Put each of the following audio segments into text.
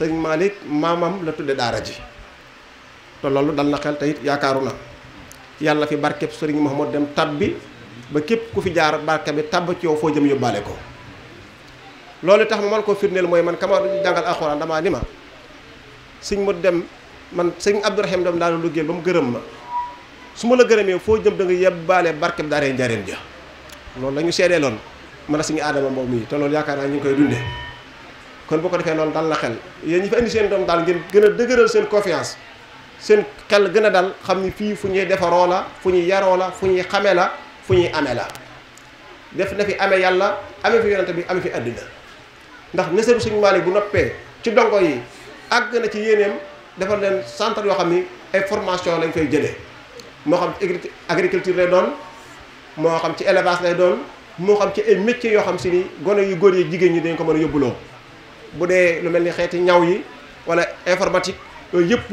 sëñ Malick maamam la tudde daara ji te loolu dal na xel te yaakaaru na yàlla fi barkeb sëriñ Mouhamad dem tab bi ba képp ku fi jaar barke bi tab ci yow foo jëm yóbbaale ko loolu tax ma man koo firndeel mooy man kama duñu jàngal alxuraan damaa ni ma sëñ mu dem man sëñ Abdourahim dem daana liggéey ba mu gërëm ma su ma la gërëmee foo jëm da nga yebbaale barkeb daaree njareen ja loolu dañu ñu seedeeloon man a suñu aadama moom yi te loolu yaakaar naa ñu ngi kon bu ko defee noonu dal la xel yéen ñi fa indi seen doom daal ngeen gën a dëgëral seen confiance seen xel gën a dal xam ni fii fu ñuy defaroo la fu ñuy yaroo la fu ñuy xamee la fu ñuy amee la def na fi amee yàlla amee fi yonante bi amee fi àddina ndax neseru suñu maal yi bu noppee ci dongo yi àgg na ci yéeneem defal leen centre yoo xam ni ay formation lañu fay jëlee moo xam ci agriculture lay doon moo xam ci élevage lay doon moo xam ci ay métiers yoo xam si ni gone yu góor yi jigéen ñi dañ ko mën a yóbbuloo bu dee lu mel ni xeeti ñaw yi wala informatique yooyu yëpp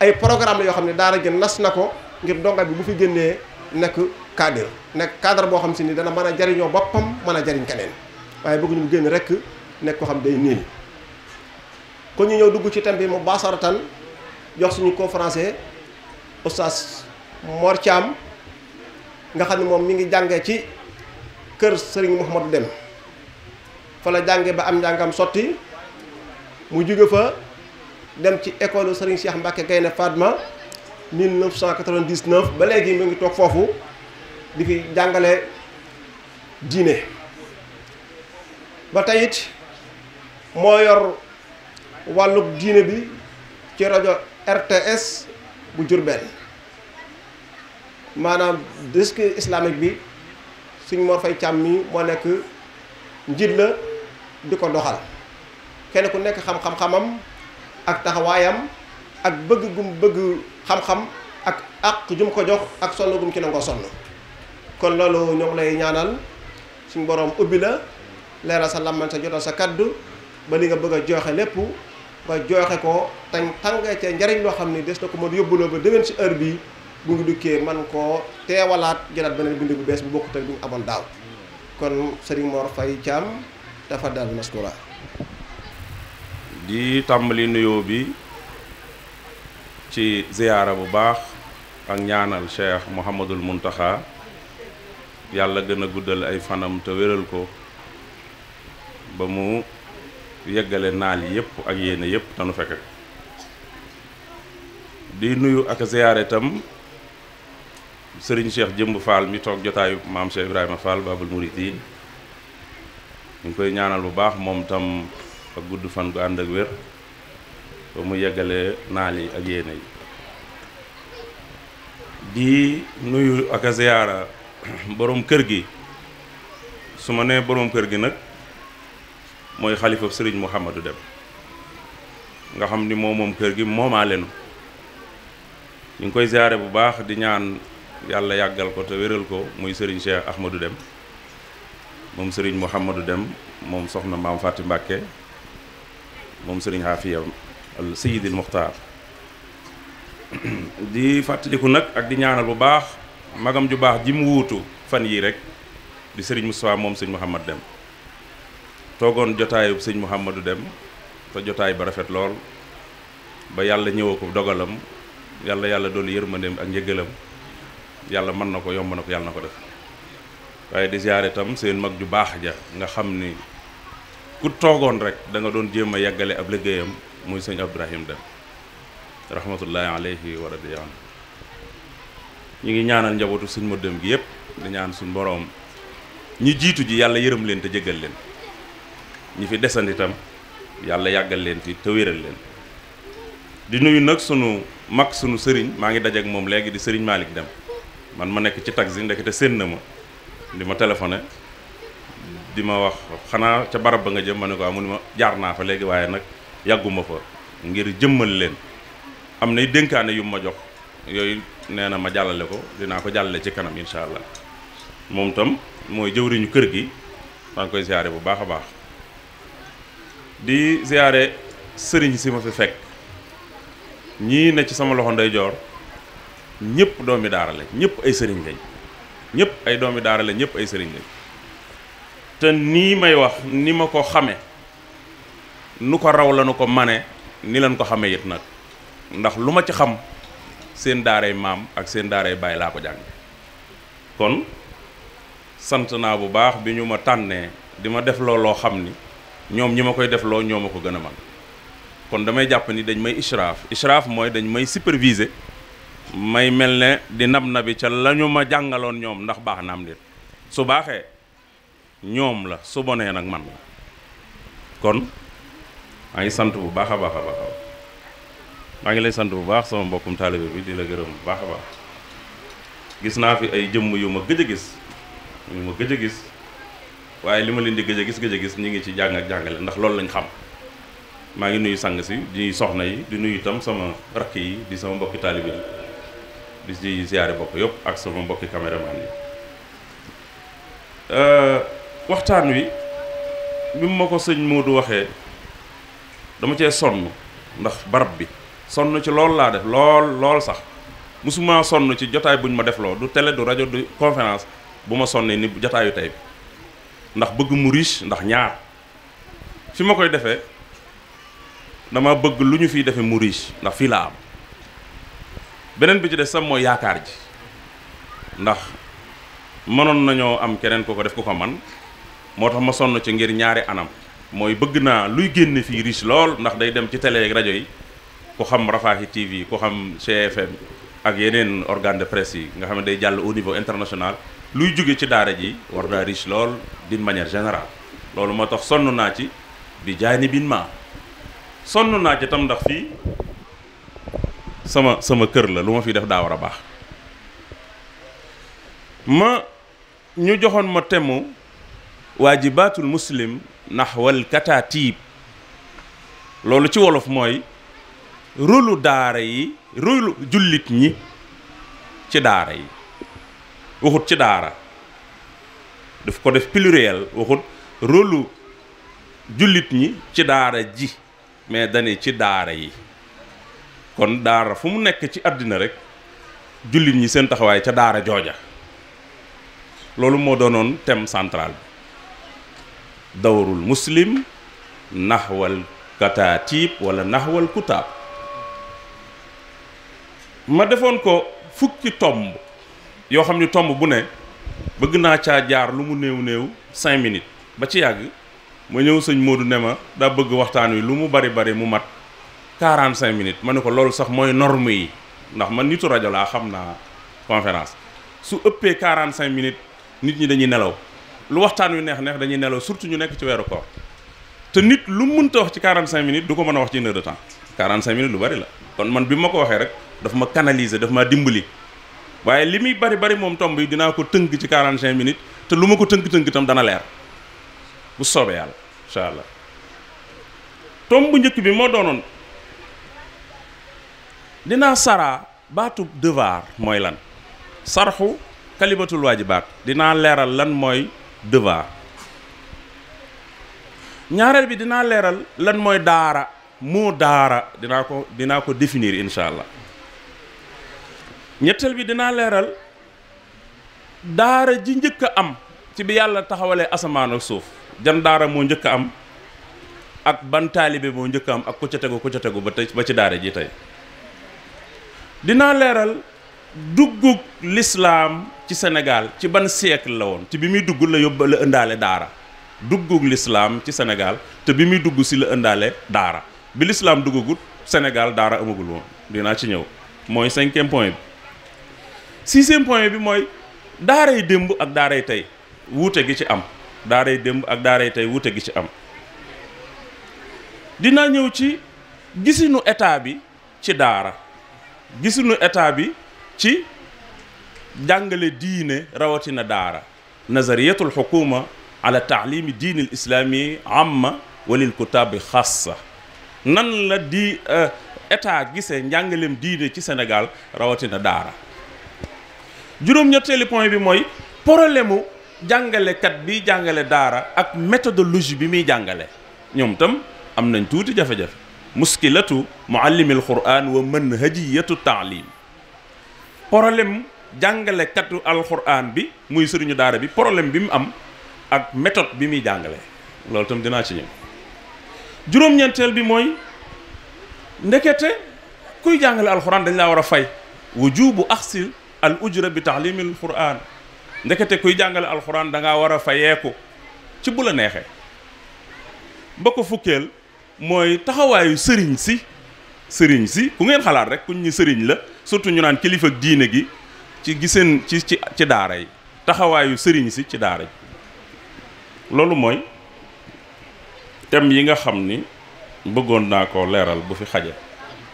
ay programme la yoo xam ne daara jën nas na ko ngir donga bi bu fi génnee nekk cadre nekk cadre boo xam si ni dana mën a jariñoo boppam mën a jariñ keneen waaye bëgg ñu mu génn rek nekk ko xam day niil kon ñu ñëw dugg ci thème bi mu baasaratan jox suñu conférencier oustaz Mor Thiam nga xam ne moom mi ngi jàngee ci kër Serigne Mouhamadou Deme fa la jànge ba am njàngam sotti mu jóge fa dem ci école Serigne Cheikh Mbacke Gaynde Fatma 1999 ba léegi mu ngi toog foofu di fi jàngale diine ba tey it moo yor wàllub diine bi ci rajo RTS bu Diourbel maanaam disque islamique bi suñ Mor Fay Càmm mi moo nekk njiit la di ko doxal kenn ku nekk xam-xam-xamam ak taxawaayam ak bëgg gum bëgg xam-xam ak àq jum ko jox ak sonn gum ci nangoo sonn kon loolu ñoom lay ñaanal suñu borom ubbi la leeral sa làmmañ sa jotal sa kaddu ba li nga bëgg a joxe lépp nga joxe ko tañ tàngee ca njariñ loo xam ni des na ko mën yóbbuloo ba déwén si heure bi bu ngi dukkee man koo teewalaat jëlaat beneen bind bu bees bu bokkut ak bi ñu amoon daaw kon Serigne Mor Faye Thiam tafaddal maskura di tàmbali nuyoo bi ci ziyaara bu baax ak ñaanal cheikh Mouhamadul Muntaxa yàlla gën a guddal ay fanam te wéral ko ba mu yeggale naal yëpp ak yéene yëpp tanu fekk di nuyu ak ziyaare itam sëriñ cheikh jëmb Fall mi toog jotaayu maam Cheikh Ibrahima Fall Babul Mouridine ñu ngi koy ñaanal bu baax moom tam ak gudd fan gu ànd ak wér ba mu yeggalee naal yi ak yéene yi di nuyu ak ziyaara boroom kër gi su ma nee boroom kër gi nag mooy xalifa sëriñ Mouhamadou Dem nga xam ni moom moom kër gi moomaa lenu ñu ngi koy ziyaare bu baax di ñaan yàlla yàggal ko te wéral ko muy sëriñ Cheikh Ahmadou Dem moom sëriñ Mouhamadou Dem moom soxna maam Faati Mbàkke moom sëriñ Xaafiya al Sayyidil Muxtaar di fàttaliku nag ak di ñaanal bu baax magam ju baax ji mu wuutu fan yii rek di sëriñ Moustapha moom sëñ Mouhamad Dem toogoon jotaayu sëñ Mouhamadou Dem te jotaay ba rafet lool ba yàlla ñëwa ko dogalam yàlla yàlla doolu yërmandeem ak njëgalam yàlla mën na ko yomb na ko yàlla na ko def waaye di itam seen mag ju baax ja nga xam ni ku toogoon rek danga doon jéem a yeggale ab liggéeyam muy sëñ Abdourahim Dem rahmatullahi alayhi wa radiya ñu ngi ñaanal njabootu suñ ma dem gi yëpp di ñaan suñ boroom ñi jiitu ji yàlla yërëm leen te jéggal leen ñi fi desandi itam yàlla yàggal leen ti te wéral leen di nuyu nag sunu mag sunu sëriñ maa ngi dajeek moom léegi di sëriñ Malick Dem man ma nekk ci taxi ndekete séen na ma di ma téléphoné di ma wax xanaa ca barab ba nga jëm ma ne ko ah, mu ni ma jaar naa fa léegi waaye nag yàgguma fa ngir jëmmal leen am nay dénkaane yu ma jox yooyu nee na ma jàllale ko dinaa ko jàllale ci kanam incha allah moom tam mooy jëwriñu kër gi maa ngi koy siyaare bu baax a baax di siyaare sëriñ si ma fi fekk ñii ne ci sama loxo ndeyjoor ñëpp doomi daara lañ ñëpp ay sëriñ lañ ñëpp ay doomi daara la ñëpp ay sëriñ lañ te nii may wax ni ma ko xame nu ko raw la ko mane ni leen ko xame it nag ndax lu ma ci xam seen daaray maam ak seen daaray bàyyi laa ko jànge kon sant naa bu baax bi ñu ma tànnee di ma def loo loo xam ni ñoom ñi ma koy def loo ñoo ma ko gën a man kon damay jàpp ni dañ may ishraaf ishraaf mooy dañ may superviser may mel ne di nab nabi ca lañu ma jàngaloon ñoom ndax baax naam am su baaxee ñoom la su bonee nag man la kon maa ngi sant bu baax a baax a baax maa ngi lay sant bu baax sama mbokkum taalibe bi di la gërëm bu baax a baax gis naa fi ay jëmm yu ma gëj a gis yu ma gëj a gis waaye li ma leen di gëj a gis gëj a gis ñu ngi ci jàng ak jàngale ndax loolu lañ xam maa ngi nuyu sang si di soxna yi di nuyu itam sama rakk yi di sama mbokki taalibe yi bis di ziyaare bopp yëpp ak sama mbokki caméraman yi euh, waxtaan wi bi ma ko sëñ du waxee dama cee sonn ndax barab bi sonn ci lool laa def lool lool sax musuma sonn ci jotaay buñ ma def loo du tele du rajo du conférence bu ma sonnee ni jotaayu tey bi ndax bëgg mu riche ndax ñaar fi ma koy defee dama bëgg lu ñu fiy defee mu riche ndax fii laa am beneen bi ci des sam mooy yaakaar ji ndax mënoon nañoo am keneen ko ko def ku ko man moo tax ma sonn ci ngir ñaari anam mooy bëgg naa luy génn fii riche lool ndax day dem ci tele rajo yi ku xam Rafaahi TV ku xam GFM ak yeneen organ de presse yi nga xam ne day jàll au niveau international luy jóge ci daara ji war naa riche lool d'une manière général loolu moo tax sonn naa ci bi jaay ni bin ma sonn naa ci tam ndax fii sama sama kër la lu ma fi def daa war a baax ma ñu joxoon ma temu waajibatul muslim naxwal kataatiib loolu ci wolof mooy rôlu daara yi rôlu jullit ñi ci daara yi waxut ci daara daf ko def pluriel waxut rôlu jullit ñi ci daara ji mais dane ci daara yi kon daara fu mu nekk ci àddina rek jullit ñi seen taxawaay ca daara jooja loolu moo doonoon thème central bi dawrul muslim naxwal kataatiib wala naxwal kutaab ma defoon ko fukki tomb yoo xam ni tomb bu ne bëgg naa caa jaar lu mu néew néew cinq minutes ba ci yàgg ma ñëw sëñ Modou ne ma daa bëgg waxtaan wi lu mu bari bari mu mat quarante cinq minutes ma ne ko loolu sax mooy norme yi ndax man nitu rajo laa xam naa conférence su ëppee quarante cinq minutes nit ñi dañuy nelaw lu waxtaan wi neex neex dañuy nelaw surtout ñu nekk ci weeru koor te nit lu mënta wax ci quarante cinq minutes du ko mën a wax ci une heure de temps quarante cinq minutes lu bari la kon man bi ma ko waxee rek daf ma canaliser daf ma dimbali waaye li muy bari bari moom tomb yi dinaa ko tënk ci quarante cinq minutes te lu ma ko tënk-tënk itam dana leer bu soobee yàlla incha allah tomb dinaa saraa baatu devoir mooy lan sarxu kalimatul waajibaat dinaa leeral lan mooy devoir ñaareel bi dinaa leeral lan mooy daara moo daara dinaa ko dinaa ko définir incha allah ñetteel bi dinaa leeral daara ji njëkk a am ci bi yàlla taxawalee asamaan ak suuf jan daara moo njëkk am ak ban taalibe moo njëkk a am ak ku ca tegu ku ba tey ba ci daara ji tey dinaa leeral duggug lislaam ci senegaal ci ban siècle la woon ci bi muy dugg la yóbba la ëndaale daara duggug lislaam ci Sénégal te bi muy dugg si la ëndaale daara bi lislaam duggagut Sénégal daara amagul woon dinaa ci ñëw mooy cinquième point bi sixième point bi mooy daaray démb ak daaray tey wuute gi ci am daaray démb ak daaray tey wuute gi ci am dinaa ñëw ci gisinu état bi ci daara gisuñu état bi ci jàngale diine rawatina daara nazariyatul xukuma ala taalimi diini islami amma walil kutaabi xassa nan la di eh, état gisee njàngalem diine ci senegal rawatina daara juróom-ñetteelu point bi mooy problème mu jàngalekat bi jàngale daara ak méthodologie bi muy jàngale ñoom tam am nañ tuuti jafe-jafe muskilatu muallimil quraan wa manhajiyatu taalim problème jàngalekatu alquraan bi muy sëriñu daara bi problème bi mu am ak méthode bi muy jàngale loolu tam dinaa ci ñëw juróom-ñeenteel bi mooy ndekete kuy jàngale alquraan dañ laa war a fay wujubu axsi al ujra bi taalimil quraan ndekete kuy jàngale alquraan da ngaa war a fayeeku ci bu la neexee ba ko fukkeel mooy taxawaayu sëriñ si sëriñ si ku ngeen xalaat rek kuñ ñu sëriñ la surtout ñu naan kilifa ak diine gi ci giseen ci ci ci daara yi taxawaayu sëriñ si ci daara yi loolu mooy thème yi nga xam ni bëggoon naa ko leeral bu fi xaje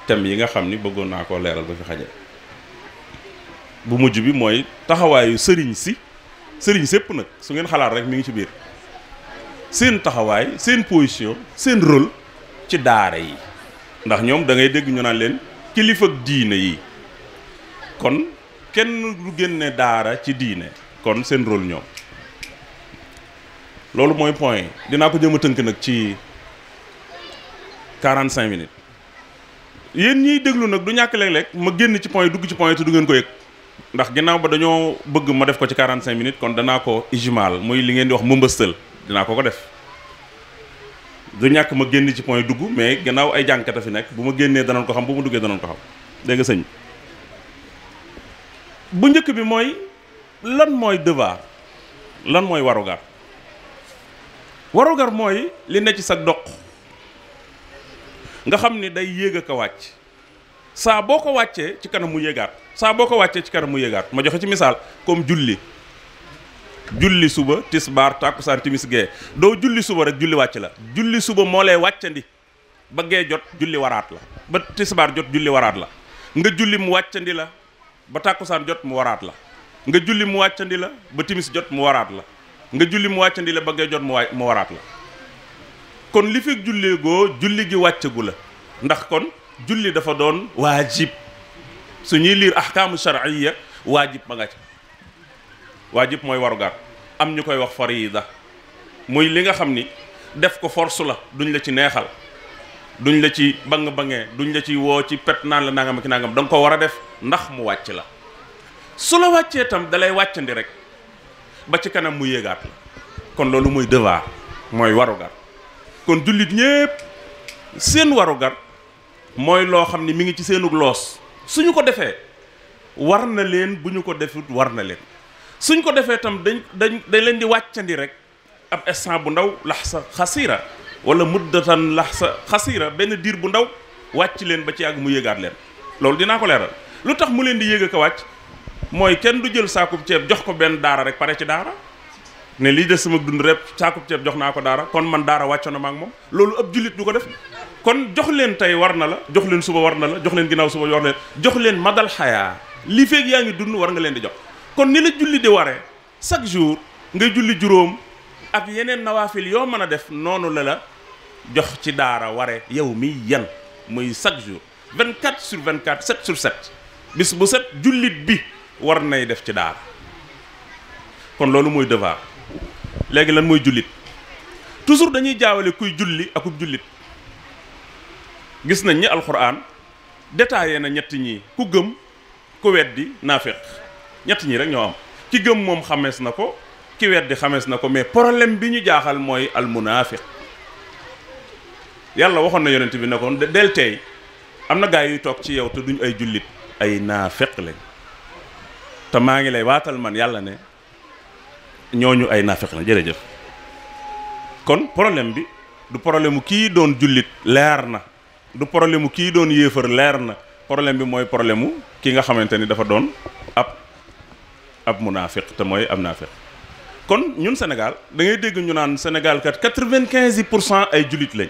thème yi nga xam ni bëggoon naa koo leeral bu fi xaje bu mujj bi mooy taxawaayu sëriñ si sëriñ sépp nag su ngeen xalaat rek mi ngi ci biir seen taxawaay seen position seen rôle ci daara yi ndax ñoom dangay ngay dégg ñu naan leen kilifa diine yi kon kenn du génne daara ci diine kon seen rôle ñoom loolu mooy point dinaa ko jëm a tënk nag ci 45 minutes yéen ñiy déglu nag du ñàkk léeg-léeg ma génn ci point dugg ci point yi te du ngeen ko yëg ndax ginnaaw ba dañoo bëgg ma def ko ci 45 minutes kon danaa ko ijimal muy li ngeen di wax mëmbëstal dinaa ko ko def du ñàkk ma génn ci point dugg mais gannaaw ay jàngkat a fi nekk bu ma génnee danañ ko xam bu ma duggee danañ ko xam dégg sëñ bu njëkk bi mooy lan mooy devoir lan mooy warugar warugar mooy li ne ci sa doq nga xam ni day yéeg ak a wàcc saa boo ko wàccee ci kanam mu yéegaat saa boo ko wàccee ci kanam mu yéegaat ma joxe ci misaal comme julli julli suba tisbaar tàkkusaan timis gee doo julli suba rek julli wàcc la julli suba moo lay wàccandi ba gee jot julli waraat la ba tisbaar jot julli waraat la nga julli mu wàccandi la ba tàkkusaan jot mu waraat la nga julli mu wàccandi la ba timis jot mu waraat la nga julli mu wàccandi la ba jot mu wa mu waraat la kon li fi jullee goo julli gi wàccagu la ndax kon julli dafa doon waajib su ñuy liir ahkaamu shar'iyya waajib ba nga ci waajib mooy warugar am ñu koy wax farida muy li nga xam ni def ko force la duñ la ci neexal duñ la ci bang-bangee duñ la ci woo ci pet naan la nangam ak nangam da ko war a def ndax mu wàcc la su la wàccee tam dalay wàccandi rek ba ci kanam mu yéegaat la kon loolu mooy devoir mooy warugar kon jullit ñépp seen warugar mooy loo xam ni mi ngi ci seenu loos suñu ko defee war na leen bu ñu ko defut war na leen suñ ko defee itam dañ dañ dañ leen di wàccandi rek ab instant bu ndaw sa xasiira wala muddatan sa xasiira benn diir bu ndaw wàcc leen ba ci yàgg mu yéegaat leen loolu dinaa ko leeral lu tax mu leen di yëg ko wàcc mooy kenn du jël saakub ceeb jox ko benn daara rek pare ci daara ne lii de sama dund rek saakub ceeb jox naa ko daara kon man daara wàccoon na ma ak moom loolu ab jullit du ko def kon jox leen tey war na la jox leen suba war na la jox leen ginnaaw suba war na la jox leen madal xayaa yaa ngi dund war nga leen di jox kon ni la julli di waree chaque jour ngay julli juróom ak yeneen nawaafil yoo mën a def noonu la la jox ci daara ware yow mi yan muy chaque jour 24 sur 24 7 sur 7 bis bu set jullit bi war nay def ci daara kon loolu mooy devoir léegi lan mooy jullit toujours dañuy jaawale kuy julli akub jullit gis nañ ñi alxuraan détaillé na ñett ñi ku gëm ku weddi naafeq ñett ñi rek ñoo am ki gëm moom xamees na ko ki weddi xamees na ko mais problème bi ñu jaaxal mooy almunaafiq yàlla waxoon na yonent bi ne ko del tey am na gaay yu toog ci yow te duñ ay jullit ay naafeq lañ te maa ngi lay waatal man yàlla ne ñooñu ay naafeq lañ jërëjëf kon problème bi du problème mu kii doon jullit leer na du problème mu kii doon yéefar leer na problème bi mooy problème mu ki nga xamante ni dafa doon ab munaafiq te mooy am naafiq kon ñun Sénégal da ngay dégg ñu naan Sénégal kat quatre-vingt-quinze pour cent ay jullit lañ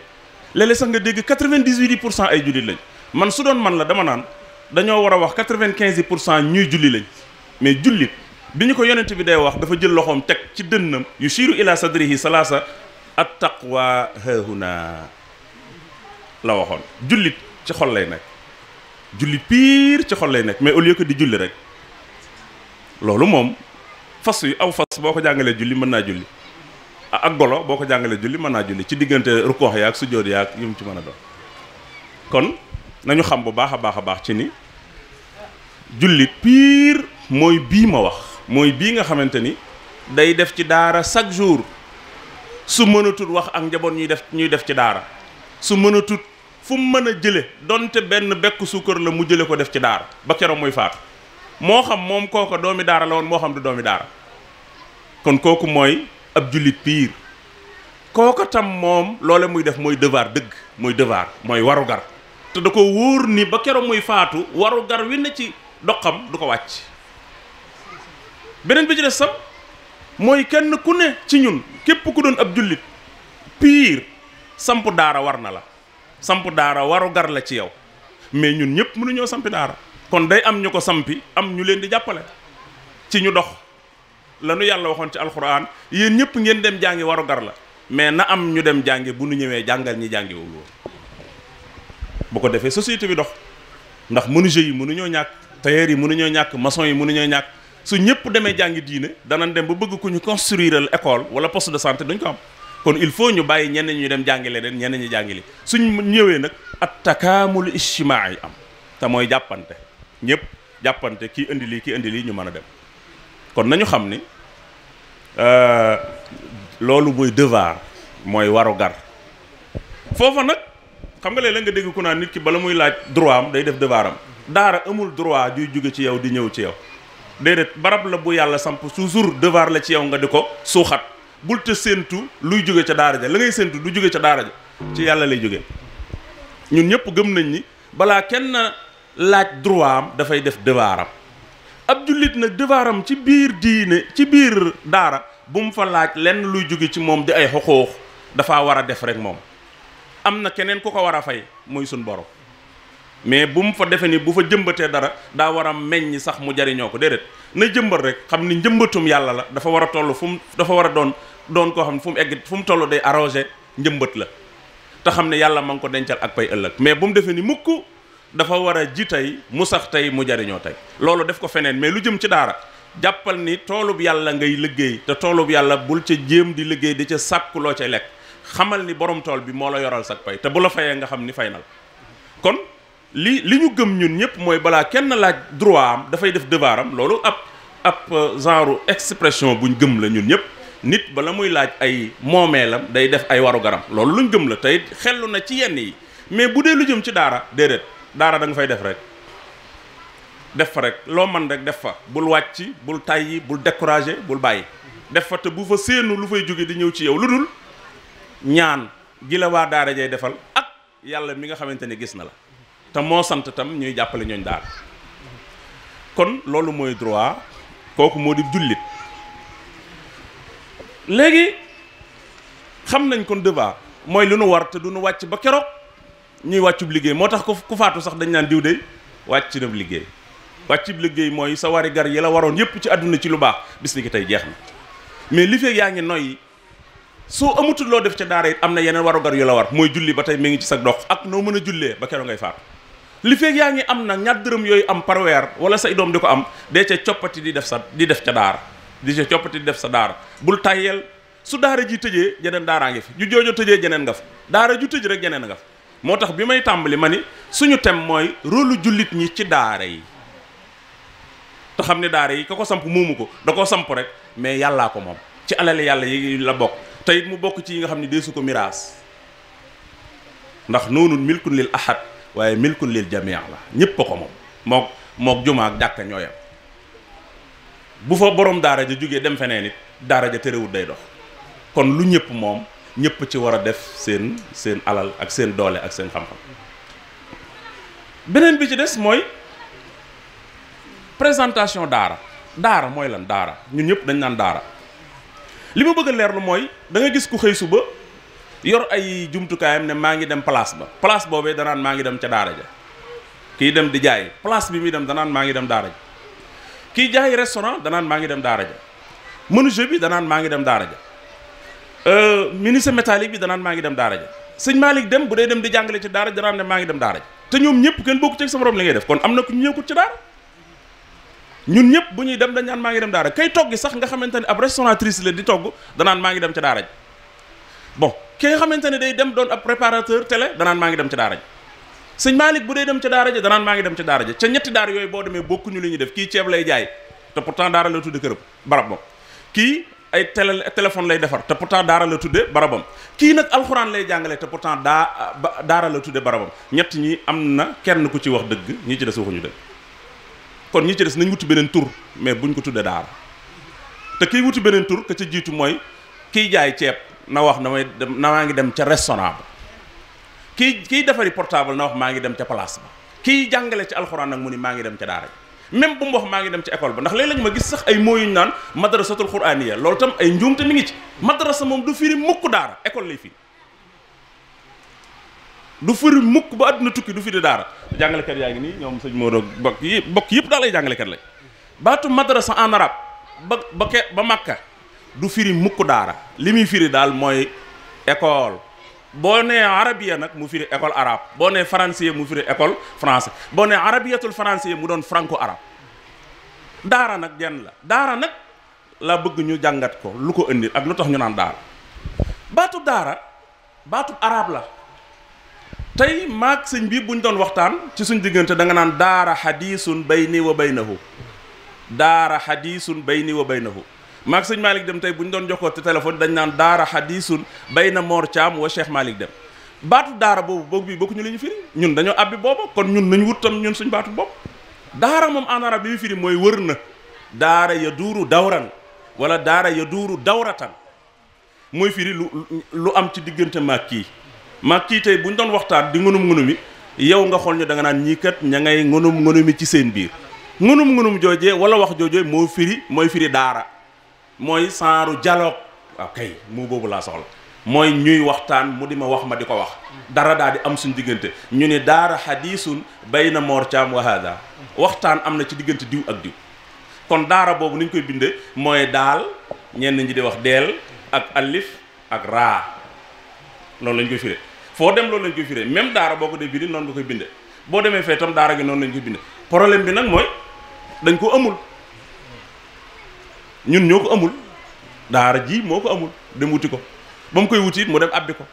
léeg-léeg sax nga dégg quatre-vingt-dix-huit pour ay jullit lañ man su doon man la dama naan dañoo war a wax quatre quinze pour cent ñuy julli lañ mais jullit bi ñu ko yonent bi day wax dafa jël loxoom teg ci dënnam yu siiru ila sadrihi salaasa at taqwa haahuna la waxoon jullit ci xol lay nag jullit piir ci xol lay nekk mais au lieu di julli rek loolu moom fas yu aw fas boo ko jàngalee julli mën naa julli ak golo boo ko jàngalee julli mën naa julli ci diggante rukoox ak sujjóot yaag yu mu ci mën a doon kon nañu xam bu baax a baax a baax ci ni jullit piir mooy bii ma wax mooy bii nga xamante ni day def ci daara chaque jour su mënatul wax ak njaboot ñuy def ñuy def ci daara su mënatul fu mu mën a jële donte benn bekk suukar la mu jële ko def ci daara ba keroog muy faatu moo xam moom kooka doomi daara la woon moo xam du doomi daara kon kooku mooy ab jullit piir kooka tam moom loole muy def mooy devoir dëgg mooy devoir mooy warugar te da ko wóor ni ba keroog muy faatu warugar wi na ci doxam du ko wàcc beneen bi ci des sam mooy kenn ku ne ci ñun képp ku doon ab jullit piir samp daara war na la samp daara warugar la ci yow mais ñun ñëpp mënuñoo sampi daara kon day am ñu ko sampi am ñu leen di jàppale ci ñu dox lanu yàlla waxoon ci alxuraan yéen ñëpp ngeen dem jàngi waru gar la mais na am ñu dem jàngi bu nu ñëwee jàngal ñi jàngiwul ko defee société bi dox ndax menuisier yi mënuñoo ñàkk tailleur yi mënuñoo ñàkk maçon yi mënuñoo ñàkk su ñëpp demee jàngi diine danañ dem ba bëgg ku ñu construire école wala poste de santé duñ am kon il faut ñu bàyyi ñenn ñu dem jàngi leen ñenn ñu jàngi li suñ ñëwee nag at takaamul ijtimaai am te mooy jàppante ñëpp jàppante kii indi lii ki indi lii ñu mën a dem kon nañu xam ni euh, loolu muy devoir mooy warugar foofa nag xam nga léeg-léeg nga dégg ku naan nit ki bala muy laaj droit am day def devoir am daara amul droit juy jóge ci yow di ñëw ci yaw déedéet barab la bu yàlla samp jour devoir la ci yow nga di ko suuxat bul te séentu luy jóge ca daara ja la ngay séentu du jóge ca daara ja ci yàlla lay jóge ñun ñëpp gëm nañ ni balaa kenn laaj droit am dafay def devoiram ab jullit nag devoiram ci biir diine ci biir daara bu mu fa laaj lenn luy jóge ci moom di ay xoxoox dafa war a def rek moom am na keneen ku ko war a fay muy suñ borom mais bu mu fa defe ni bu fa jëmbatee dara daa war a meññ sax mu jariñoo ko déedéet na jëmbat rek xam ni njëmbatum yàlla la dafa war a toll fu mu dafa war a doon doon koo xam ne fu mu egg fu mu toll day arrosé njëmbat la te xam ne yàlla ma ko dencal ak pay ëllëg mais bu mu defe dafa war a ji tey mu sax tey mu jariñoo tey loolu def ko feneen mais lu jëm ci daara jàppal ni toolub yàlla ngay liggéey te toolub yàlla bul ca jéem di liggéey di ca sàkku loo ca lekk xamal ni borom tool bi moo la yoral sag pay te bu la fayee nga xam ni fay na kon li li ñu gëm ñun ñëpp mooy balaa kenn laaj droit am dafay def devoir loolu ab ab euh, genre expression buñ gëm la ñun ñëpp nit bala muy laaj ay moomeelam day def ay waru loolu luñ gëm la tey xellu na ci yenn yi mais bu dee lu jëm ci daara déedéet daara da nga fay def rek def fa rek loo man rek def fa bul wàcc bul tàyyi bul découragé bul bàyyi def fa te bu fa séenu lu fay jóge di ñëw ci yow lu dul ñaan gi waa daara jay defal ak yàlla mi nga xamante ni gis na la te moo sant tam ñuy jàppale ñooñ daara kon loolu mooy droit kooku moo di jullit léegi xam nañ kon devoir mooy lu nu war te du nu wàcc ba keroog ñuy wàccub liggéey moo tax ku faatu sax dañ naan diw de wàcc na liggéey wàccub liggéey mooy sa wari gar yi la waroon yépp ci àdduna ci lu baax bis ki tey jeex na mais li yaa ngi noyyi soo amatul def ca daara it am na yeneen warugar yu la war mooy julli ba tey mi ngi ci sa dox ak noo mën a jullee ba keroog ngay faatu li yaa ngi am na ñaar dërëm yooyu am parweer weer wala say doom di ko am dee ca coppati di def sa di def ca daara di ca coppati di def sa daara bul tàyyeel su daara ji tëjee jeneen daaraa ngi fi ju tëjee jeneen nga fa daara ju tëj rek moo tax bi may tàmbali ma ni suñu tem mooy rôlu jullit ñi ci daara yi te xam ne daara yi ka ko samp muumu ko da koo samp rek mais yàllaa ko moom ci alal yàlla yi la bokk te mu bokk ci yi nga xam ne deesu ko miraas ndax noonu milkun lil ahad waaye milkun lil jamia la ñépp a ko moom mook mook jumaa ak jàkka ñooyam bu fa borom daara ja jógee dem feneen it daara ja terewut day dox kon lu ñëpp moom ñëpp ci war a def seen seen alal ak seen doole ak seen xam-xam beneen bi ci des mooy présentation daara daara mooy lan daara ñun ñëpp dañ naan daara li ma bëgg a leerlu mooy da gis ku xëy suba yor ay jumtukaayam ne maa ngi dem place ba place boobee danaan maa ngi dem ca daara ja kii dem di jaay place bi muy dem danaan maa ngi dem daara ja kii jaay restaurant danaan maa ngi dem daara ja menuisier bi danaan maa ngi dem daara ja Euh, ministre métallique bi danaan maa ngi dem daara ja sëñ Malick dem bu dee dem di jàngale ci daara danaan ne maa ngi dem daara ja te ñoom ñëpp kenn bokku ci sama morom li ñëpp bu ñuy dem dañ maa ngi dem daara kay toggi sax nga xamante ne ab restauratrice la di togg danaan maa ngi dem ci daara ja ki nga xamante ne day dem doon ab préparateur télé danaan maa ngi dem ci daara ja sëñ Malick bu dee dem ca daara ja danaan maa ngi dem ca daara ja ca ñetti daara yooyu boo demee bokkuñu li ñuy def kii ceeb lay jaay te pourtant daara la tudde kërëb barab moom kii ay télé téléphone lay defar te pourtant daara la tudde barabam kii nag alxuraan lay jàngale te pourtant daa daara la tudde barabam ñetti ñi am na kenn ku ci wax dëgg ñi ci des waxuñu dem kon ñi ci des nañ wuti beneen tur mais buñ ko tuddee daara te kiy wuti beneen tur ka ca jiitu mooy kiy jaay ceeb na wax na may dem na maa ngi dem ca restaurant ba kiy kiy defari portable na wax maa ngi dem ca place ba kiy jàngale ci alxuraan nag mu ni maa ngi dem ca daara même bu mu wax maa ngi dem ci école ba ndax léeg-léeg ma gis sax ay mooyuñ naan madrasatul quraaniya lool tam ay njuumte mi ngi ci madrasa moom du firi mukk daara école lay firi du firi mukk ba àdduna tukki du firi daara jàngalekat yaa ngi nii ñoom sëñ Modou bokk yi bokk yëpp daal ay jàngalekat lay baatu madrasa en arabe ba ba ke ba Makka du firi mukk daara li muy firi daal mooy école boo nee arabia nag mu firi école arabe boo nee français mu firi école français boo nee arabiyatul français mu doon franco arabe daara nag jenn la daara nag la bëgg ñu jàngat ko lu ko indi ak lu tax ñu naan daara baatub daara baatub arab la tey maag sëñ bi buñ doon waxtaan ci suñ diggante da nga naan daara xadiisun bayni wa baynahu daara xadiisun bayni wa baynahu maag sëñ Malick Dem tey bu ñu doon jox ko téléphone dañ naan daara hadiisun bay na Mor Thiam wa Cheikh Malick Dem baatu daara boobu boobu bi bokkuñu li ñu firi ñun dañoo abbi booba kon ñun nañu wut tam ñun suñ baatu bopp daara moom en arabe li firi mooy wër na daara ya duuru dawran wala daara ya duuru dawratan mooy firi lu lu am ci diggante maag kii maag kii tey bu ñu doon waxtaan di ngunum ngunumi yow nga xool ñu da nga naan ñii kat ña ngay ngunum ngunumi ci seen biir ngunum ngunum joojee wala wax joojee moo firi mooy firi daara mooy saaru dialogue waaw kay mu boobu laa soxla mooy ñuy waxtaan mu di ma wax ma di ko wax dara daa di am suñ diggante ñu ne daara xadiisun bayna Mor Thiam wa hada waxtaan am na ci diggante diw ak diw kon daara boobu ni koy binde mooy daal ñenn ñi di wax deel ak alif ak raa loolu lañ koy firé foo dem loolu lañ koy firé même daara boo ko dee bindi noonu nga koy binde boo demee fee tam daara gi noonu lañ koy binde problème bi nag mooy dañ ko amul ñun ñoo ko amul daara ji moo ko amul dem wuti ko ba mu koy wuti it mu dem abbi ko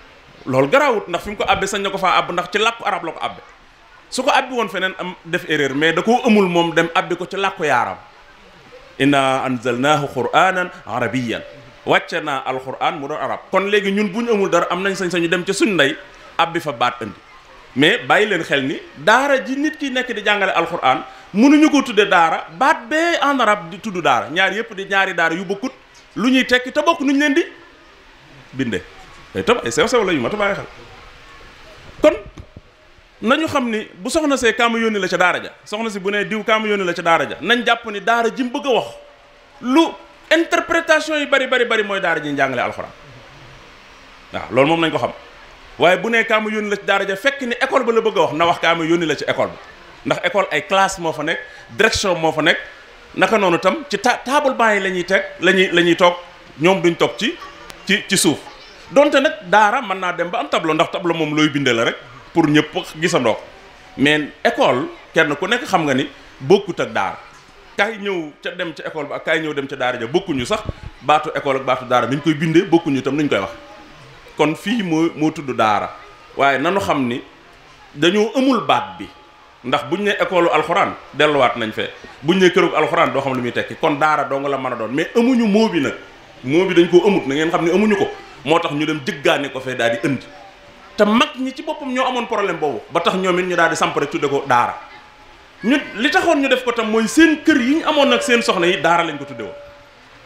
lool garaawut ndax fi mu ko abbe sañ na ko faa àbb ndax ci làkku arab la ko abbe su ko abbi woon feneen am def erreur mais da koo amul moom dem abbi ko ci làkku yaaram inna anzalnaahu quraanan arabiyan wàcce naa alquran mu doon arab kon léegi ñun bu ñu amul dara am nañ sañ-sañu dem ca suñ ndey àbbi fa baat andi mais bàyyi leen xel ni daara ji nit ki nekk di jàngale alquran mënuñu ko tudde daara baat bee en arabe di tudd daara ñaar yëpp di ñaari daara yu bokkut lu ñuy tekki te bokk nuñ leen di binde ay eh, tam eh, sew sew la yu ma ta bàyyi xel kon nañu xam ni bu soxna see kaamu yónni la ca daara ja soxna si bu nee diw kaamu yónni la ca daara ja nañ jàpp ni daara ji mu bëgg a wax lu interprétation yi bari bari bari mooy daara ji njàngale alxuraan waaw loolu moom nañ ko xam waaye bu ne kaamu yónni la ca daara ja fekk ni école ba la bëgg wax na wax kaamu yónni la ca école ba ndax école ay classe moo fa nekk direction moo fa nekk naka noonu tam ci ta table banc yi la ñuy teg la ñuy la toog ñoom duñ toog ci ci ci suuf donte nag daara mën naa dem ba am tableau ndax tableau moom looy bindee la rek pour ñëpp gisandoo mais école kenn ku nekk xam nga ni bokkut ak daara kaay ñëw ca dem ca école ba ak kaay ñëw dem ca daara ja bokkuñu sax baatu école ak baatu daara ni ñu koy bindee bokkuñu itam ni ñu koy wax kon fii moo moo tudd daara waaye nanu xam ni dañoo amul baat bi ndax buñ ne école alxuraan delluwaat nañ fee buñ ne këru alxuraan doo xam lu muy tekki kon daara dong la mën a doon mais amuñu moo bi nag moo bi dañ koo amut na ngeen xam ne amuñu ko moo tax ñu dem jëggaane ko fee daal di indi te mag ñi ci boppam ñoo amoon problème boobu ba tax ñoom it ñu daal di sampare rek tudde ko daara ñu li taxoon ñu def ko tam mooy seen kër yi ñu amoon nag seen soxna yi daara lañ ko tudde woon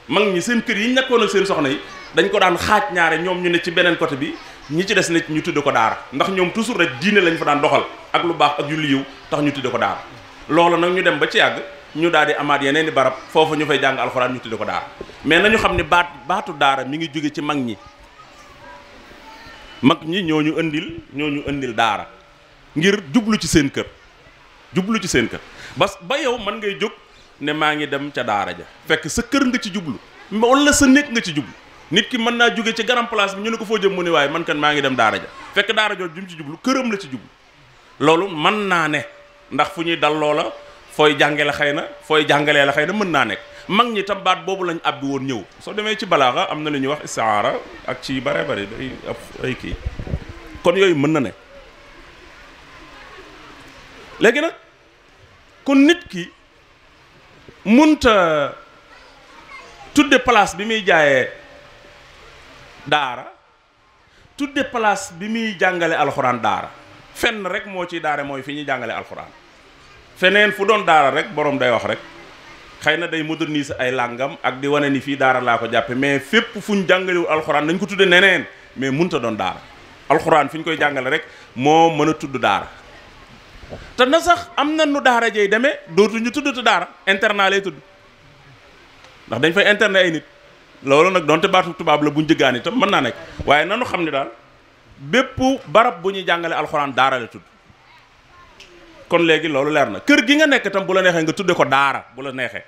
mag ñi seen kër yi ñu nekkoon ak seen soxna yi dañ ko daan ñaare ñoom ñu ne ci beneen côté bi ñi ci des na ñu tudde ko daara ndax ñoom toujours rek diine lañ fa daan doxal ak lu baax ak yu liiw tax ñu tudde ko daara loolu nag ñu dem ba ci yàgg ñu daal di amaat yeneen i barab foofu ñu fay jàng alxuraan ñu tudde ko daara mais nañu xam ne baat baatu daara mu ngi jóge ci mag ñi mag ñi ñoo ñu indil ñoo ñu indil daara ngir jublu ci seen kër jublu ci seen kër bas ba yow man ngay jóg ne maa ngi dem ca daara ja fekk sa kër nga ci jublu la sa nekk nga ci jublu nit ki mën naa jóge ci garam place bi ñu ne ko foo jëm mu ni waaye man kan maa ngi dem daara ja fekk daara jooju jum ci jublu këram la ci jublu loolu mën naa ne ndax fu ñuy dal loola fooy jànge la xëy na fooy jàngalee la xëy na mën naa nekk mag ñi tam baat boobu lañ abbi woon ñëw soo demee ci balaaxa am na lu ñuy wax istiaara ak ci bare bare day ay kii kon yooyu mën na ne léegi nag kon nit ki munta tudde place bi muy jaayee daara tudde place bi muy jàngale alxuraan daara fenn rek moo ci daara mooy fi ñuy jàngale alxuraan feneen fu doon daara rek borom day wax rek xëy na day moderniser ay làngam ak di wane ni fii daara laa ko jàppe mais fépp fu ñu jàngalewul alxuraan dañ ko tudde neneen mais munta doon daara alxuraan fi ñu koy jàngale rek moo mën a tudd daara te na sax am na nu daara jey demee tudd tuddatu daara internat lay tudd ndax dañ fay interne ay nit loolu nag donte baatu tubaab la bu ñu jëggaan itam mën naa nekk waaye nanu xam ne daal bépp barab bu ñuy jàngale alxuraan daara la tudd kon léegi loolu leer na kër gi nga nekk itam bu la neexee nga tudde ko daara bu la neexee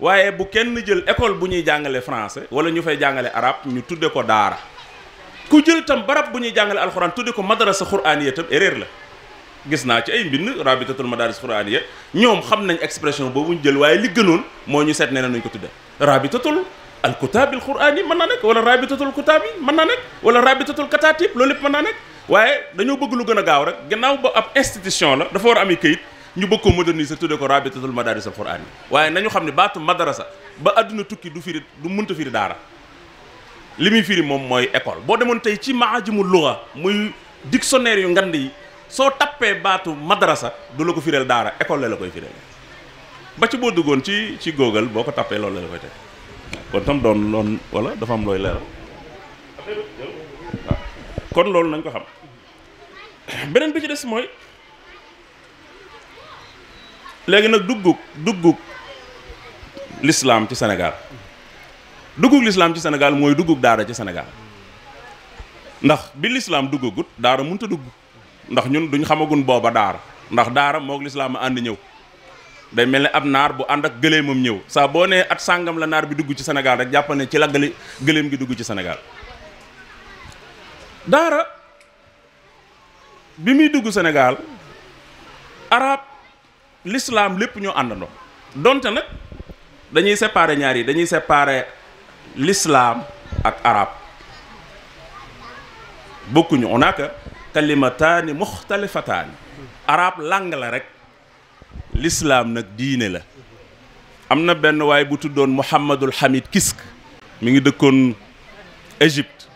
waaye bu kenn jël école bu ñuy jàngale français wala ñu fay jàngale arab ñu tudde ko daara ku jël tam barab bu ñuy jàngale alxuraan tudde ko madarasa xuraaniya itam erreur la gis naa ci ay mbind rabitatul madaris xuraaniya ñoom xam nañ expression boobu ñu jël waaye li gënoon moo ñu seet ne na nuñ ko tudde rabitatul alkutaab al quraan yi mën naa nekk wala rabitatul kutaab yi mën naa nekk wala rabitatul kataatib loolu lépp man naa nekk waaye dañoo bëgg lu gën a gaaw rek gannaaw ba ab institution la dafa war a am kayit ñu bëgg ko moderniser tuddee ko rabitatul madaris al quraan yi na nañu xam ne baatu madarasa ba àdduna tukki du firi du mënta firi daara li muy firi moom mooy école boo demoon tey ci maajimu luga muy dictionnaire yu ngand yi soo tappee baatu madarasa du la ko fireel daara école la koy fireel ba ci boo duggoon ci ci google boo ko tappee loolu la la kon tam doon loon wala dafa am looy leeral ah, kon loolu nañ ko xam beneen bi ci des mooy léegi nag duggug duggug lislaam ci Sénégal duggug lislaam ci Sénégal mooy duggug daara ci Sénégal ndax bi lislaam duggagut daara mënut dugg ndax ñun duñ xamagun booba daara ndax daara moog lislaam a ànd ñëw day mel ni ab naar bu ànd ak gëleemam ñëw saa boo nee at sàngam la naar bi dugg ci Sénégal rek jàppal na ci la gële gëleem gi dugg ci Sénégal daara bi muy dugg senegaal arab lislaam lépp ñoo àndandoo donte nag dañuy séparer ñaar yi dañuy séparer lislaam ak arab bokkuñu on a que kalimataani muxtalifataani arab langue la rek l'islaam nag diine la am na benn waay bu tuddoon Mouhamadul Hamid Kisk mi ngi dëkkoon Égypte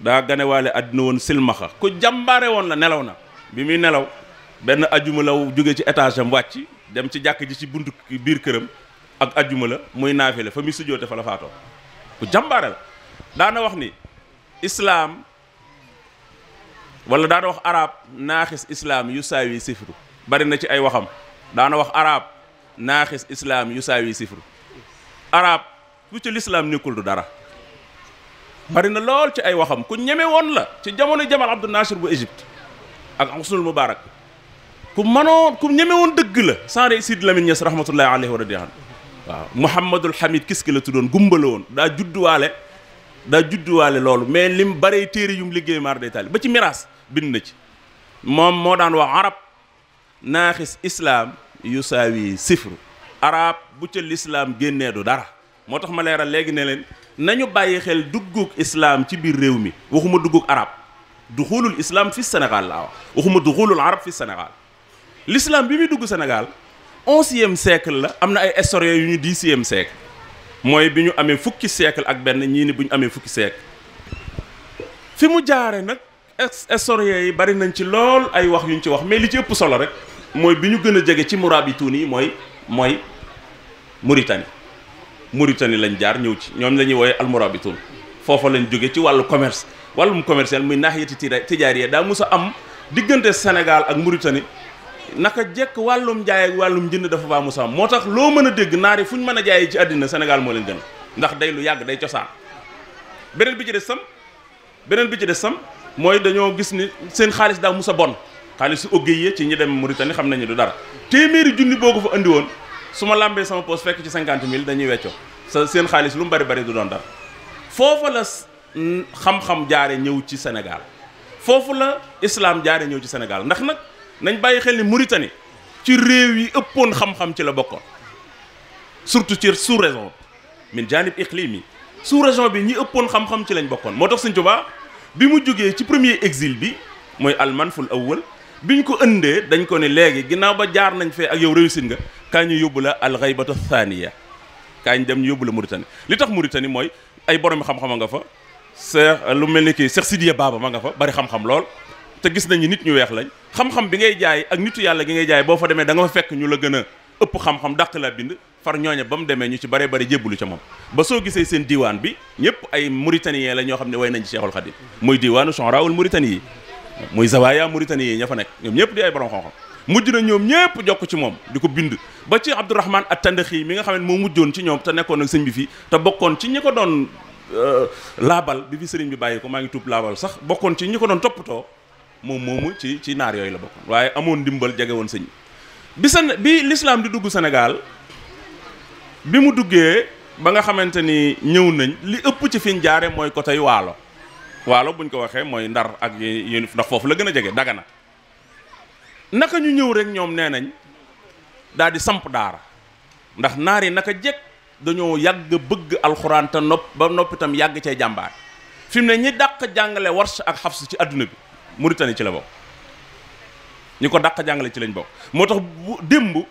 daa ganewaale àddina woon silmaxa ku jàmbaare woon la nelaw na bi muy nelaw benn ajuma la jóge ci étage am wàcc dem ci jàkk ji ci buntu biir këram ak ajuma la muy naafile fa muy sujjoote fa la faatoo ku jàmbaare la daana wax ni islaam wala daana wax arab naaxis islaam yu saawi sifru bari na ci ay waxam daana wax araab naaxis islaam yu saawi sifru arab lu ci lislaam nekkul du dara bari na lool ci ay waxam ku ñeme woon la ci jamono Jamal Abdou Nasir bu Égypte ak Husnul Mubarak ku mënoon ku ñeme woon dëgg la sanre Sidi Lamine Niass rahmatullahi alayhi wa radiya waaw Mouhamadul Hamid Kiski la tuddoon gumbala woon daa judduwaale daa judduwaale loolu mais lim baree téere yum liggéey maar day taali ba ci miraas bind na ci moom moo daan wax arab naaxis islaam yu yusaawi sifru arab bu ca lislaam génnee du dara moo tax ma leeral léegi ne leen nañu bàyyi xel duggug islaam ci biir réew mi waxuma duggug arab duxulul islaam fi senegal laa wax waxuma duxulul arab fi Sénégal l'islam bi muy dugg Sénégal onzième siècle la am na ay historiens yu ñu dixième siècle mooy bi ñu amee fukki siècle ak benn ñii ni bu ñu amee fukki siècle fi mu jaare nag historiens yi bari nañ ci lool ay wax yu ñu ci wax mais li ci ëpp solo rek mooy bi ñu gën a jege ci murabituun yi mooy mooy Mauritanie Mauritanie lañ jaar ñëw ci ñoom la ñuy wooye almurabituun foofa lañ jóge ci wàllu commerce wàllum commercial muy naaxiyati tijaariya daa musa am diggante Sénégal ak Mauritanie naka jekk wàllum jaay ak wàllum jënd dafa baa mus a am moo tax loo mën a dégg naari fu ñu mën a jaayee ci àddina Sénégal moo lañ gën ndax day lu yàgg day cosaan beneen bi ci des sam beneen bi ci des sam mooy dañoo gis ni seen xaalis daa musa bon xaalis su Ogueye ci ñi dem Mauritanie xam nañu du dara téeméeri junni boo ko fa indi woon su ma lambee sama poos fekk ci cinquante mille dañuy weccoo sa seen xaalis lu mu bari bari du doon dara foofa la xam-xam jaare ñëw ci senegal foofu la islam jaare ñëw ci senegal ndax nag nañ bàyyi xel ni Mauritanie ci réew yi ëppoon xam-xam ci la bokkoon surtout ci sous-région min jaanib iqlimi sous-région bi ñi ëppoon xam-xam ci lañ bokkoon moo tax Sëñ Tuubaa bi mu jógee ci premier exil bi mooy almanful awwal ñu ko ëndee dañ ko ne léegi ginnaaw ba jaar nañ fee ak yow réussite nga kaa ñu yóbbu la alxaybatu thaniya kaa ñu dem ñu yóbbu la Mauritanie li tax Mauritanie mooy ay borom xam-xam nga fa seex euh, lu mel ni kii seex Sidiya Baba ma nga fa bari xam-xam lool te gis nañu nit ñu weex lañ xam-xam bi ngay jaay ak nitu yàlla gi ngay jaay boo fa demee da nga fa fekk ñu la gën a ëpp xam-xam dàq laa bind far ñooñe ba mu demee ñu ci bare bari jébbalu ca moom ba soo gisee seen diwaan bi ñëpp ay mauritanien la ñoo xam ne way nañ ci Cheikhul Khadim muy diwaanu sonraawul mauritanie yi muy zawaya mauritanie yi ña fa nekk ñoom ñëpp di ay borom xam-xam mujj na ñoom ñëpp jokk ci moom di ko bind ba ci Abdourahman At-Tandaxi mi nga xam ne moo mujjoon ci ñoom te nekkoon ak sëñ bi fii te bokkoon ci ñi ko doon euh, laabal bi fi sëriñ bi bàyyi ko maa ngi tuub laabal sax bokkoon ci ñi ko doon toppatoo moom moomu ci ci naar yooyu la bokkoon waaye amoon ndimbal jege woon sëñ bi bi san bi di dugg Sénégal bi mu duggee ba nga xamante ni ñëw nañ li ëpp ci fiñ jaare mooy côté waalo waalo buñ ko waxee mooy ndar ak yéen ndax foofu la gën a jege dagana naka ñu ñëw rek ñoom nee nañ daal di samp daara ndax naar yi naka jekk dañoo yàgg bëgg alxuraan te nopp ba noppitam yàgg cee jàmbaar fi mu ne ñi dàq jàngale warsh ak xafs ci àdduna bi Mauritanie ci la bokk ñi ko dàq jàngale ci lañ bokk moo tax démb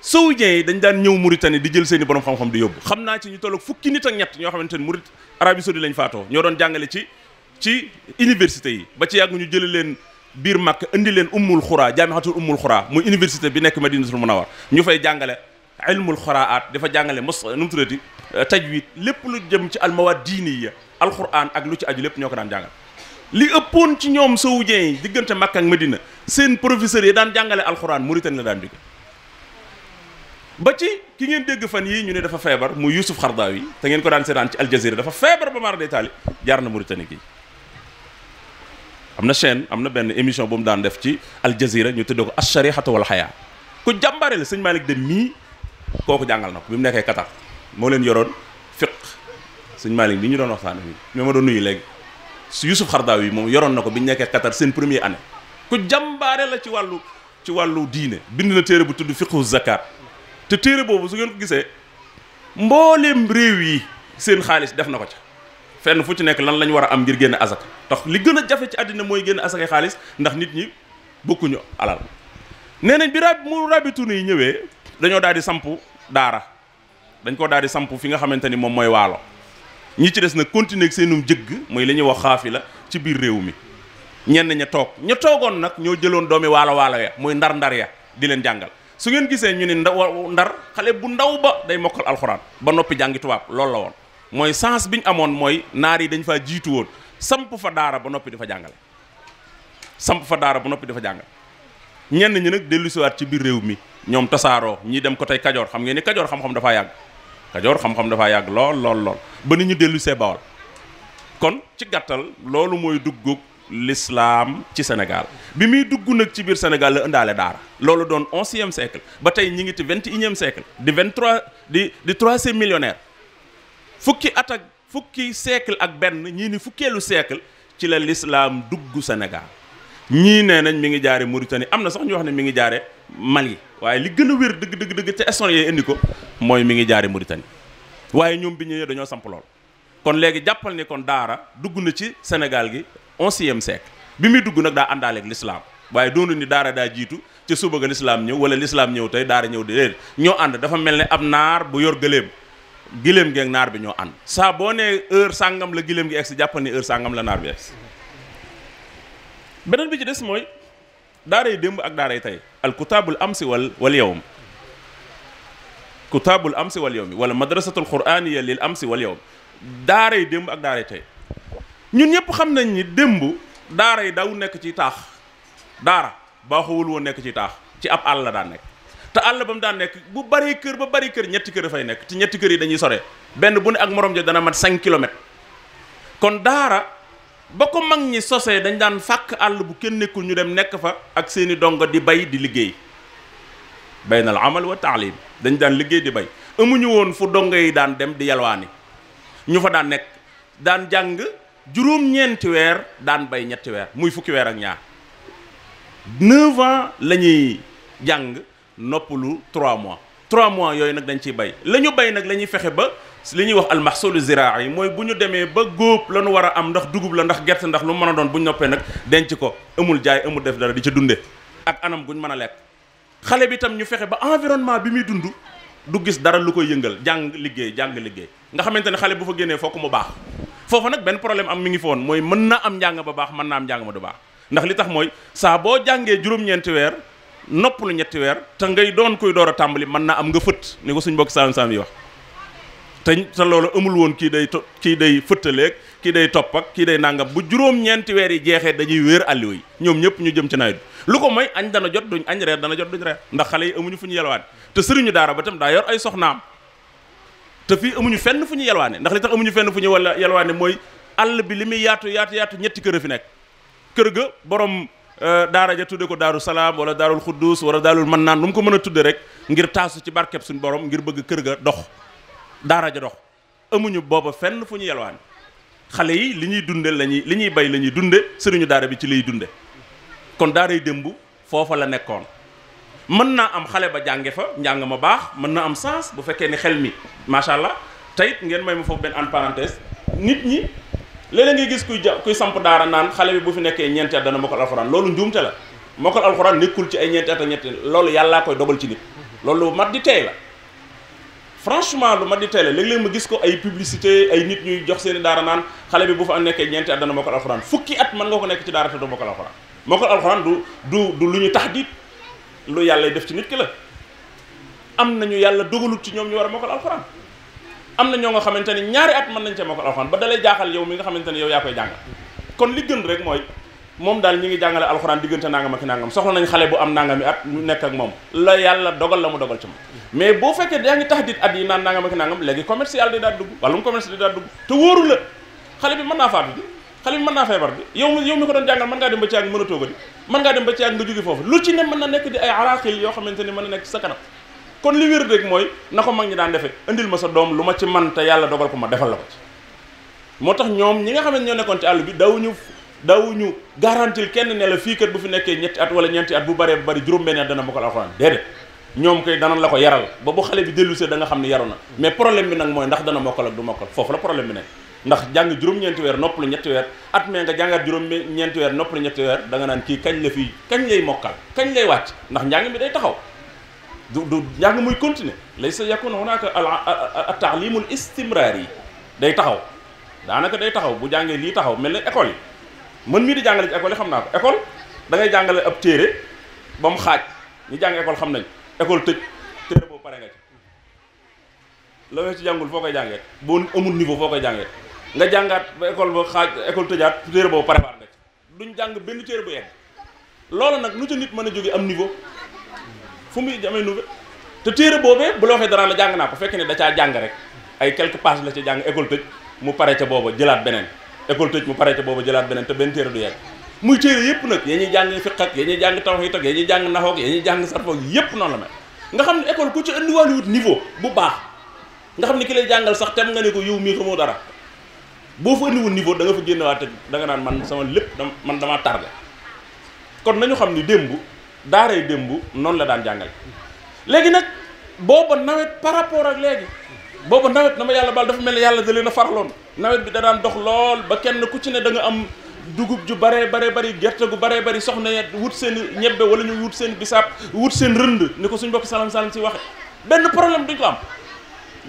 saoudiens yi dañ daan ñëw Mauritanie di jël seen i borom xam-xam di yóbbu xam naa ci ñu tolloog fukki nit ak ñett ñoo xamante ni Maurit Arabie Saoudite lañ faatoo ñoo doon jàngale ci ci université yi ba ci yàgg ñu jëlee leen biir màkk indi leen ummul xuraa jaamixatul ummul xuraa mu université bi nekk Madinatul Munawwar ñu fay jàngale ilmul xuraat dafa jàngale mos nu mu tuddati euh, tajwid lépp lu jëm ci almawaad diiniya alquran ak lu ci aju lépp ñoo ko daan jàngal li ëppoon ci ñoom saoudien yi diggante màkk ak Madina seen professeurs yi daan jàngale alquran Mauritanie la daan jóge ba ci ki ngeen dégg fan yii ñu ne dafa feebar mu Youssouf yi te ngeen ko daan seetaan ci Al dafa feebar ba maar day taali jaar na Mauritanie gi am na chaîne am na benn émission bu mu daan def ci Al Jazeera ñu tuddee ko Asharihatu wal Haya ku jàmbaare la sëñ Malick Dem mii kooku jàngal na ko bi mu nekkee Qatar moo leen yoroon fiq sëñ Malick bi ñu doon waxtaan bi mais ma doon nuyu léegi su Youssouf Xardaawi moom yoroon na ko bi ñu nekkee Qatar seen première année ku jàmbaare la ci wàllu ci wàllu diine bind na téere bu tudd fiqhu zakat te téere boobu su ngeen ko gisee mbooleem réew yi seen xaalis def na ko ca fenn fu ci nekk lan lañ war a am ngir génn asaka tax li gën a jafe ci àddina mooy génn asakay xaalis ndax nit ñi bokkuñu alal nee nañ bi rab mu rabitunu yi ñëwee dañoo daal di samp daara dañ koo daal di samp fi nga xamante ni moom mooy waalo ñi ci des na continuer ak seenum jëgg mooy li ñuy wax xaafi la ci biir réew mi ñenn ña toog ña toogoon nag ñoo jëloon doomi waalo waalo ya muy ndar ndar di leen jàngal su ngeen gisee ñu ni ndaw ndar xale bu ndaw ba day mokkal alxuraan ba noppi jàngi tubaab loolu la woon mooy sens bi ñu amoon mooy naar yi dañ faa jiitu woon samp fa daara ba noppi dafa jàngale samp fa daara ba noppi dafa jàngale ñenn ñu nag dellusiwaat ci biir réew mi ñoom tasaaroo ñii dem ko tey kajoor xam ngeen ni kajoor xam-xam dafaa yàgg kajoor xam-xam dafaa yàgg lool lool lool ba ni ñu dellusee bawal kon ci gàttal loolu mooy duggug l'islam ci Sénégal bi muy dugg nag ci biir Sénégal la ëndaale daara loolu doon onzième siècle ba tey ñi ngi ci vingt et unième siècle di vingt trois di di troisième millionnaire fukki at ak fukki siècle ak benn ñii ni fukkeelu siècle ci la l'islam dugg Sénégal ñii nee nañ mi ngi jaare Mauritanie am na sax ñu wax ne mi ngi jaare Mali waaye li gën a wér dëgg dëgg dëgg te historiens yi indi ko mooy mi ngi jaare Mauritanie waaye ñoom bi ñu dañoo samp lool kon léegi jàppal ni kon daara dugg na ci Sénégal gi onzième siècle bi muy dugg nag daa àndaaleeg lislaam waaye doonu ni daara daa jiitu ca suba ga lislaam ñëw wala lislaam ñëw tey daara ñëw di ñoo ànd dafa mel ni ab naar bu yor gëléem giléem gi naar bi ñoo ànd saa ne nee sàngam la giléem gi egsi jàppal ni heure sàngam la naar bi egsi beneen bi ci des mooy daaray démb ak daaray tey al kutaabul amsi wal wal yawm kutaabul amsi wal yawmi wala madrasatul quraaniya lil amsi wal yawm daaray démb ak daaray ñun ñëpp xam nañ ni démb daara yi daw nekk ci taax daara baaxuwul woon nekk ci taax ci ab àll daan nekk te àll ba mu daan nekk bu bari kër ba bari kër ñetti kër dafay nekk ci ñetti kër yi dañuy sore benn bu ne ak morom ja dana man 5 kilomètres kon daara ba ko mag ñi sosee dañ daan fàkk àll bu kenn nekkul ñu dem nekk fa ak seeni dongo di bay di liggéey bay na la amal wa taalim dañ daan liggéey di bay amuñu woon fu dongo yi daan dem di yalwaani ñu fa daan nekk daan jàng juróom-ñeenti weer daan bay ñetti weer muy fukki weer ak ñaar neuf ans la ñuy jàng noppalu trois mois trois mois yooyu nag dañ ciy bay la ñu bay nag la ñuy fexe ba li ñuy wax almahsulu ziraa yi mooy bu ñu demee ba góob la ñu war a am ndax dugub la ndax gerte ndax lu mën a doon bu ñu noppee nag denc ko amul jaay amul def dara di ca dunde ak anam guñ mën a lekk xale bi itam ñu fexe ba environnement bi muy dund du gis dara lu koy yëngal jàng liggéey jàng liggéey nga xamante ne xale bu fa génnee fokk mu baax foofu nag benn problème am mi ngi foon mooy mën na am njàng ba baax mën na am njàng ma du baax ndax li tax mooy saa boo jàngee juróom-ñeenti weer lu ñetti weer te ngay doon kuy door a tàmbali mën naa am nga fëtt ni ko suñ mbokk saam saam yi wax te loolu amul woon kii day to kii day fëttaleeg kii day topp ak kii day nangam bu juróom-ñeenti weer yi jeexee dañuy wéer àlliwa yi ñoom ñëpp ñu jëm ci nawet bi lu ko mooy añ dana jot duñ añ reer dana jot duñ reer ndax xale yi amuñu fu ñu yelwaane te sëriñu daara ba tam daa yor ay soxnaam te fii amuñu fenn fu ñu yelwaane ndax li tax amuñu fenn fu ñu wala yelwaane mooy àll bi li muy yaatu yaatu yaatu ñetti kër a fi nekk kër ga borom euh, daara ja tudde ko daaru salaam wala daarul xuddus wala daarul man naan nu ko mën a tudde rek ngir taasu ci barkeb suñu borom ngir bëgg kër ga dox daara ja dox amuñu booba fenn fu ñu yelwaane xale yi li ñuy dunde la ñuy li ñuy bay la ñuy dunde sëriñu daara bi ci lay dunde kon daaray démb foofa la nekkoon mën naa am xale ba jànge fa njàng ma baax mën na am sens bu fekkee ni xel mi macha allah tayit ngeen may ma foofu benn en parenthèse nit ñi léeg-léeg ngay gis kuy ja kuy samp daara naan xale bi bu fi nekkee ñeenti at dana mokkal alxuraan loolu njuumte la mokkal alxuraan nekkul ci ay ñeenti at ak ñetti loolu yàllaa koy dogal ci nit loolu mat di tey la franchement lu ma di télé léeg-léeg ma gis ko ay publicité ay nit ñuy jox seeni daara naan xale bi bu fa nekkee ñeenti at dana mokkal alxuraan fukki at mën nga ko nekk ci daara te du mokkal alxuraan mokkal alxuraan du du du lu ñu tax diit lu yàlla def ci nit ki la am na ñu yàlla dogalut ci ñoom ñu war a mokkal alxuraan am na ñoo nga xamante ne ñaari at mën nañ cee mokkal alxuraan ba dalay jaaxal yow mi nga xamante ne yow yaa koy jàngal kon li gën rek mooy moom daal ñu ngi jàngale alxuraan diggante nangam ak nangam soxla nañ xale bu am nangami at nekk ak moom la yàlla dogal la mu dogal ci moom mais boo fekkee yaa ngi tax dit at yi naan nangam ak nangam commercial di daal dugg wàllum commerce di daal dugg te wóoru la xale bi mën naa faatu ji xale bi mën naa feebar bi yow yow mi ko doon jàngal mën ngaa dem ba ci ak a tooga ba ci ak nga jóge foofu lu ci ne mën na nekk di ay araqil yoo mooy na ko daan defee indil ma sa doom lu ma ci te yàlla dogal ko ma defal la ko ñoom ñi nga xam ne ñoo nekkoon ci àll bi dawuñu daawuñu garantil kenn ne la fii kat bu fi nekkee ñetti at wala ñeenti at bu baree bu bari juróom-benn at dana mokkal alxuraan déedéet ñoom kay danañ la ko yaral ba bu xale bi dellusee da nga xam ne yaru na mais problème bi nag mooy ndax dana mokkal ak du mokkal foofu la problème bi nekk ndax jàng juróom-ñeenti weer noppalu ñetti weer at mee nga jàngat juróom-ñeenti weer noppalu ñetti weer da nga naan kii kañ la fii kañ lay mokkal kañ lay wàcc ndax njàng mi day taxaw du du njàng muy continuer lay sa yakuna hunaka al taalimul istimraar yi day taxaw daanaka day taxaw bu jàngee lii taxaw mel na école yi man mii di jàngale ci école yi xam naa ko école da jàngale ab téere ba mu xaaj ñu jàng école xam nañ école tëj téere boobu pare nga ci la nga koy jàngee boo amul niveau foo koy nga jàngaat ba école ba xaaj école tëjaat téere boobu pare nga ci duñ jàng benn téere bu yegg loolu nag lu ca nit mën a jóge am niveau fu muy amee niveau te téere boobee bu la waxee dara la jàng naa ko fekk ne da caa jàng rek ay quelques pages la ca jàng école tëj mu pare ca booba jëlaat beneen école tëj mu pare ca booba jëlaat beneen te benn téere du yàgg muy téere yëpp nag ya ñuy jàng fiq ak ya ñuy jàng tawhiid ak ya ñuy jàng naxoo ak ya ñuy sarfoog yëpp noonu la mel nga xam ne école ku ci indiwaale bu baax nga xam ne ki lay jàngal sax tem nga ne ko yow mii xamoo dara boo fa indiwul niveau da nga fa génnewaat da nga naan man sama lépp dama man damaa tardé kon nañu xam ni démb daaray démb noonu la daan jàngale léegi nag booba nawet par rapport ak léegi boobu nawet na ma yàlla baal dafa mel ni yàlla da leen a faraloon nawet bi da daan dox lool ba kenn ku ci ne da am dugub ju bare bare bari gerte gu bare bari soxna ya wut seen ñebbe wala ñu wut seen bisaab wut seen rënd ni ko suñ bokk salam salam si waxe benn problème duñ ko am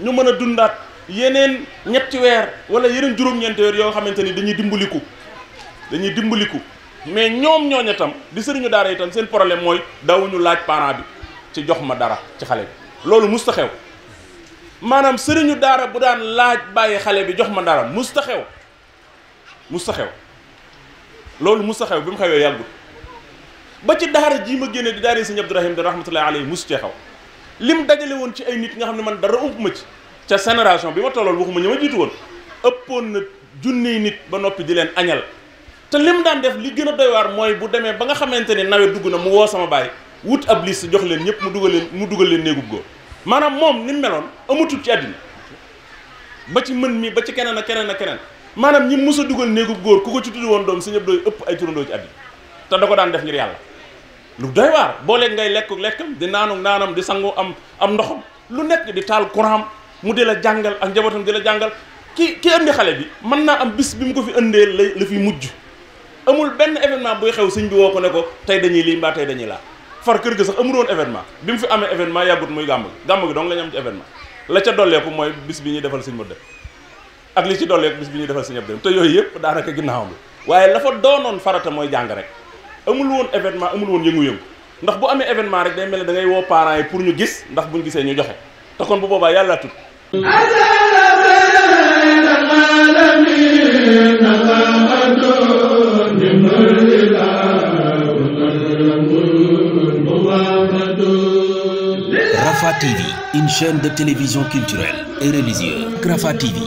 ñu mën a dundaat yeneen ñetti weer wala yeneen juróom-ñeenti weer yoo xamante ni dañuy dimbaliku dañuy dimbaliku mais ñoom ñooñu tam di sëriñu daara itam seen problème mooy dawuñu laaj parent bi ci jox dara ci loolu musta xew maanaam sëriñu daara bu daan laaj bàyyi xale bi jox ma dara mus taxew musta xew loolu musta xew bi mu xewee yàggut ba ci daara jii ma génne di daara sëñ Abdourahim da rahmatullahi alayhi mus cee xaw lim dajale woon ci ay nit nga xam ne man dara ump ma ci ca génération bi ma tolloon waxuma ña ma jiitu woon ëppoon na junniy nit ba noppi di leen añal te lim daan def li gën a doy mooy bu demee ba nga xamante ne nawet dugg na mu woo sama baay wut ab liste jox leen ñëpp mu dugal leen mu dugal leen néegub góor maanaam moom ni meloon amatul ci àddina ba ci mën mi ba ci keneen a keneen ak keneen maanaam ñi mus a dugal néegu góor ku ko ci tudd woon doom si ñëpp dooy ëpp ay turandoo ci àddina te da ko daan def ngir yàlla lu doy waar boo leen ngay lekk lekkam di naanu naanam di sangu am am ndoxam lu nekk di taal courant mu di la jàngal ak njabootam di la jàngal ki ki indi xale bi mën naa am bis bi mu ko fi indee la la fi mujj amul benn événement buy xew sëñ bi woo tey dañuy lii dañuy laa far kër ga sax amul woon événement bi mu fi amee événement yàggut muy gàmb gi gàmb gi dong la ñu am ci événement la ca dolleeku mooy bis bi ñuy defal suñ mët ak li ci dolleeku bis bi ñuy defal suñu ab dem te yooyu yëpp daanaka ginnaawam la waaye la fa doonoon farata mooy jàng rek amul événement amul yëngu-yëngu ndax bu amee événement rek day mel ne da ngay pour ñu gis ndax buñ gisee ñu joxe te kon bu boobaa yàlla tut Rafah TV une chaîne de télévision culturelle et religieuse Rafah TV